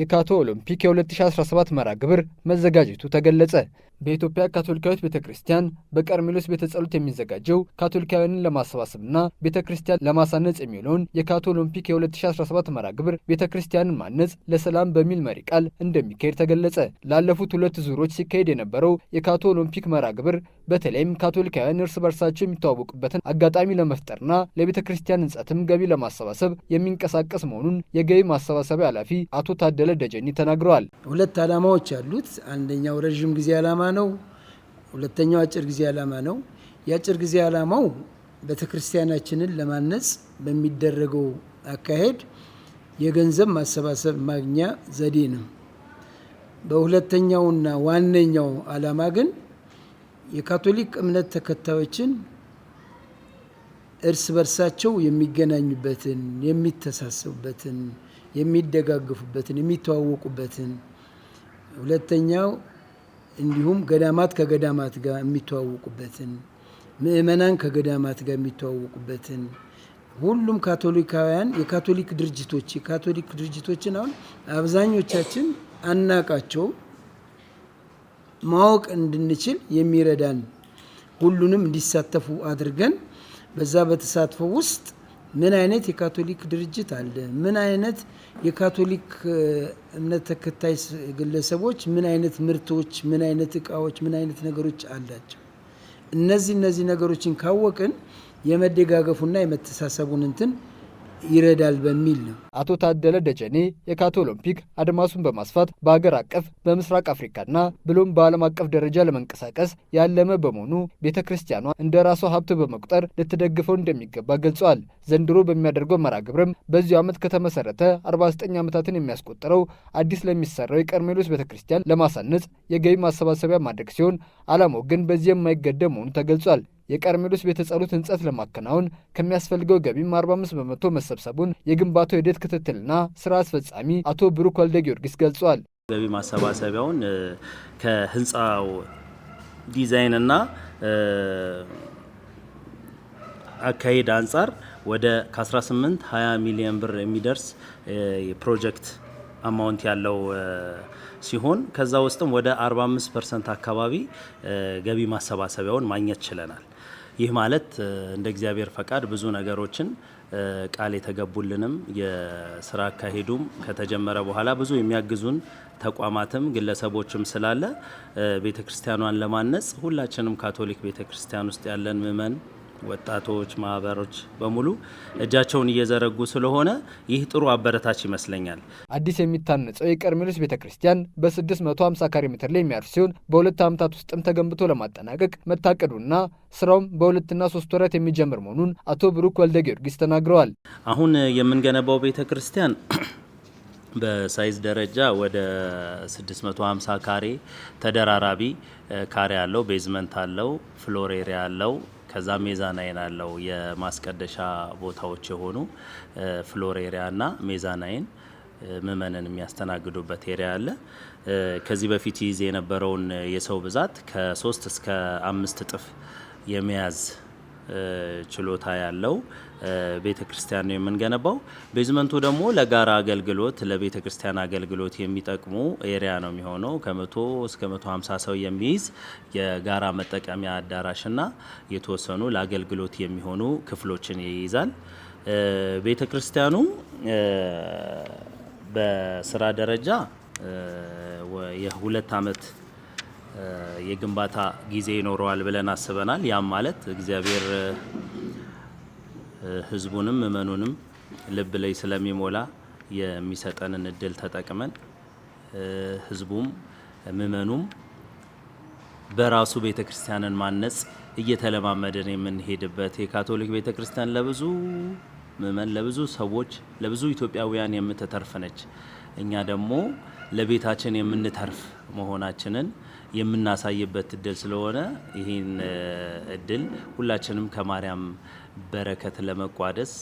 የካቶ ኦሎምፒክ የ2017 መራ ግብር መዘጋጀቱ ተገለጸ። በኢትዮጵያ ካቶሊካዊት ቤተ ክርስቲያን በቀርሜሎስ ቤተ ጸሎት የሚዘጋጀው ካቶሊካውያንን ለማሰባሰብና ቤተ ክርስቲያን ለማሳነጽ የሚውለውን የካቶ ኦሎምፒክ የ2017 መራ ግብር ቤተ ክርስቲያንን ማነጽ ለሰላም በሚል መሪ ቃል እንደሚካሄድ ተገለጸ። ላለፉት ሁለት ዙሮች ሲካሄድ የነበረው የካቶ ኦሎምፒክ መራ ግብር በተለይም ካቶሊካውያን እርስ በርሳቸው የሚተዋወቁበትን አጋጣሚ ለመፍጠርና ለቤተ ክርስቲያን ሕንጸትም ገቢ ለማሰባሰብ የሚንቀሳቀስ መሆኑን የገቢ ማሰባሰቢያ ኃላፊ አቶ ታደለ ታደለ ደጀኒ ተናግረዋል። ሁለት ዓላማዎች አሉት። አንደኛው ረዥም ጊዜ ዓላማ ነው። ሁለተኛው አጭር ጊዜ ዓላማ ነው። የአጭር ጊዜ ዓላማው ቤተ ክርስቲያናችንን ለማነጽ በሚደረገው አካሄድ የገንዘብ ማሰባሰብ ማግኛ ዘዴ ነው። በሁለተኛውና ዋነኛው አላማ ግን የካቶሊክ እምነት ተከታዮችን እርስ በርሳቸው የሚገናኙበትን፣ የሚተሳሰቡበትን፣ የሚደጋገፉበትን፣ የሚተዋወቁበትን ሁለተኛው እንዲሁም ገዳማት ከገዳማት ጋር የሚተዋወቁበትን፣ ምእመናን ከገዳማት ጋር የሚተዋወቁበትን ሁሉም ካቶሊካውያን የካቶሊክ ድርጅቶች የካቶሊክ ድርጅቶችን አሁን አብዛኞቻችን አናቃቸው ማወቅ እንድንችል የሚረዳን ሁሉንም እንዲሳተፉ አድርገን በዛ በተሳትፎ ውስጥ ምን አይነት የካቶሊክ ድርጅት አለ? ምን አይነት የካቶሊክ እምነት ተከታይ ግለሰቦች ምን አይነት ምርቶች፣ ምን አይነት እቃዎች፣ ምን አይነት ነገሮች አላቸው? እነዚህ እነዚህ ነገሮችን ካወቅን የመደጋገፉና የመተሳሰቡን እንትን ይረዳል በሚል ነው። አቶ ታደለ ደጀኔ የካቶ ኦሎምፒክ አድማሱን በማስፋት በአገር አቀፍ በምስራቅ አፍሪካና ብሎም በዓለም አቀፍ ደረጃ ለመንቀሳቀስ ያለመ በመሆኑ ቤተ ክርስቲያኗ እንደ ራሷ ሀብት በመቁጠር ልትደግፈው እንደሚገባ ገልጸዋል። ዘንድሮ በሚያደርገው መርሃ ግብርም በዚሁ ዓመት ከተመሰረተ 49 ዓመታትን የሚያስቆጥረው አዲስ ለሚሰራው የቀርሜሎስ ቤተ ክርስቲያን ለማሳነጽ የገቢ ማሰባሰቢያ ማድረግ ሲሆን ዓላማው ግን በዚህ የማይገደብ መሆኑ ተገልጿል። የቀርሜሎስ ቤተ ጸሎት ህንጸት ለማከናወን ከሚያስፈልገው ገቢም 45 በመቶ መሰብሰቡን የግንባታው ሂደት ክትትልና ስራ አስፈጻሚ አቶ ብሩክ ወልደ ጊዮርጊስ ገልጿል። ገቢ ማሰባሰቢያውን ከህንፃው ዲዛይንና አካሄድ አንጻር ወደ ከ18 20 ሚሊዮን ብር የሚደርስ የፕሮጀክት አማውንት ያለው ሲሆን ከዛ ውስጥም ወደ 45 ፐርሰንት አካባቢ ገቢ ማሰባሰቢያውን ማግኘት ችለናል። ይህ ማለት እንደ እግዚአብሔር ፈቃድ ብዙ ነገሮችን ቃል የተገቡልንም የስራ አካሄዱም ከተጀመረ በኋላ ብዙ የሚያግዙን ተቋማትም ግለሰቦችም ስላለ ቤተ ክርስቲያኗን ለማነጽ ሁላችንም ካቶሊክ ቤተ ክርስቲያን ውስጥ ያለን ምእመን ወጣቶች፣ ማህበሮች በሙሉ እጃቸውን እየዘረጉ ስለሆነ ይህ ጥሩ አበረታች ይመስለኛል። አዲስ የሚታነጸው የቀርሜሎስ ቤተ ክርስቲያን በ650 ካሬ ሜትር ላይ የሚያርፍ ሲሆን በሁለት ዓመታት ውስጥም ተገንብቶ ለማጠናቀቅ መታቀዱና ስራውም በሁለትና ሶስት ወራት የሚጀምር መሆኑን አቶ ብሩክ ወልደ ጊዮርጊስ ተናግረዋል። አሁን የምንገነባው ቤተ ክርስቲያን በሳይዝ ደረጃ ወደ 650 ካሬ ተደራራቢ ካሬ አለው፣ ቤዝመንት አለው፣ ፍሎሬሪ አለው ከዛ ሜዛናይን አለው የማስቀደሻ ቦታዎች የሆኑ ፍሎር ኤሪያ እና ሜዛናይን ምእመንን የሚያስተናግዱበት ኤሪያ አለ። ከዚህ በፊት ይዝ የነበረውን የሰው ብዛት ከሶስት እስከ አምስት እጥፍ የመያዝ ችሎታ ያለው ቤተ ክርስቲያን ነው የምንገነባው። ቤዝመንቱ ደግሞ ለጋራ አገልግሎት ለቤተ ክርስቲያን አገልግሎት የሚጠቅሙ ኤሪያ ነው የሚሆነው ከመቶ እስከ መቶ ሀምሳ ሰው የሚይዝ የጋራ መጠቀሚያ አዳራሽና የተወሰኑ ለአገልግሎት የሚሆኑ ክፍሎችን ይይዛል። ቤተ ክርስቲያኑ በስራ ደረጃ የሁለት አመት ። የግንባታ ጊዜ ይኖረዋል ብለን አስበናል። ያም ማለት እግዚአብሔር ህዝቡንም ምእመኑንም ልብ ላይ ስለሚሞላ የሚሰጠንን እድል ተጠቅመን ህዝቡም ምእመኑም በራሱ ቤተ ክርስቲያንን ማነጽ እየተለማመደን የምንሄድበት የካቶሊክ ቤተ ክርስቲያን ለብዙ ምእመን ለብዙ ሰዎች ለብዙ ኢትዮጵያውያን የምትተርፍ ነች። እኛ ደግሞ ለቤታችን የምንተርፍ መሆናችንን የምናሳይበት እድል ስለሆነ ይህን እድል ሁላችንም ከማርያም በረከት ለመቋደስ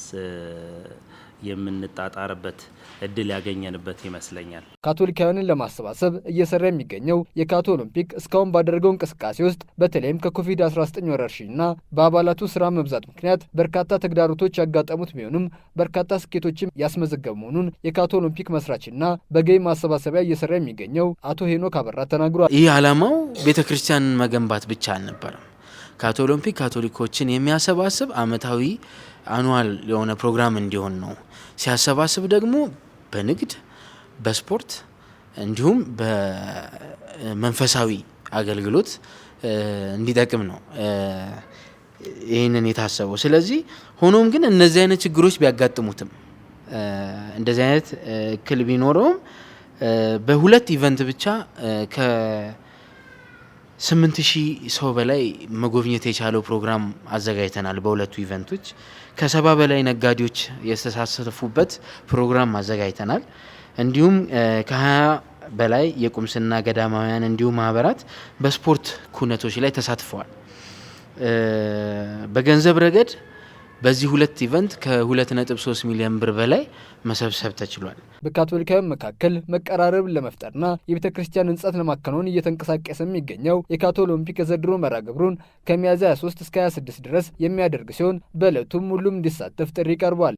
የምንጣጣርበት እድል ያገኘንበት ይመስለኛል። ካቶሊካውያንን ለማሰባሰብ እየሰራ የሚገኘው የካቶ ኦሎምፒክ እስካሁን ባደረገው እንቅስቃሴ ውስጥ በተለይም ከኮቪድ-19 ወረርሽኝና በአባላቱ ስራ መብዛት ምክንያት በርካታ ተግዳሮቶች ያጋጠሙት ቢሆንም በርካታ ስኬቶችም ያስመዘገብ መሆኑን የካቶ ኦሎምፒክ መስራችና በገቢ ማሰባሰቢያ እየሰራ የሚገኘው አቶ ሄኖክ አበራ ተናግሯል። ይህ ዓላማው ቤተ ክርስቲያንን መገንባት ብቻ አልነበረም። ካቶ ኦሎምፒክ ካቶሊኮችን የሚያሰባስብ አመታዊ አኑዋል የሆነ ፕሮግራም እንዲሆን ነው። ሲያሰባስብ ደግሞ በንግድ፣ በስፖርት እንዲሁም በመንፈሳዊ አገልግሎት እንዲጠቅም ነው ይህንን የታሰበው። ስለዚህ ሆኖም ግን እነዚህ አይነት ችግሮች ቢያጋጥሙትም እንደዚህ አይነት እክል ቢኖረውም በሁለት ኢቨንት ብቻ ስምንት ሺህ ሰው በላይ መጎብኘት የቻለው ፕሮግራም አዘጋጅተናል። በሁለቱ ኢቨንቶች ከሰባ በላይ ነጋዴዎች የተሳተፉበት ፕሮግራም አዘጋጅተናል። እንዲሁም ከሀያ በላይ የቁምስና ገዳማውያን እንዲሁም ማህበራት በስፖርት ኩነቶች ላይ ተሳትፈዋል። በገንዘብ ረገድ በዚህ ሁለት ኢቨንት ከ2.3 ሚሊዮን ብር በላይ መሰብሰብ ተችሏል። በካቶሊካውያን መካከል መቀራረብ ለመፍጠርና የቤተ ክርስቲያን ህንጻት ለማከናወን እየተንቀሳቀሰ የሚገኘው የካቶ ኦሎምፒክ የዘንድሮ መርሃ ግብሩን ከሚያዝያ 23 እስከ 26 ድረስ የሚያደርግ ሲሆን በዕለቱም ሁሉም እንዲሳተፍ ጥሪ ቀርቧል።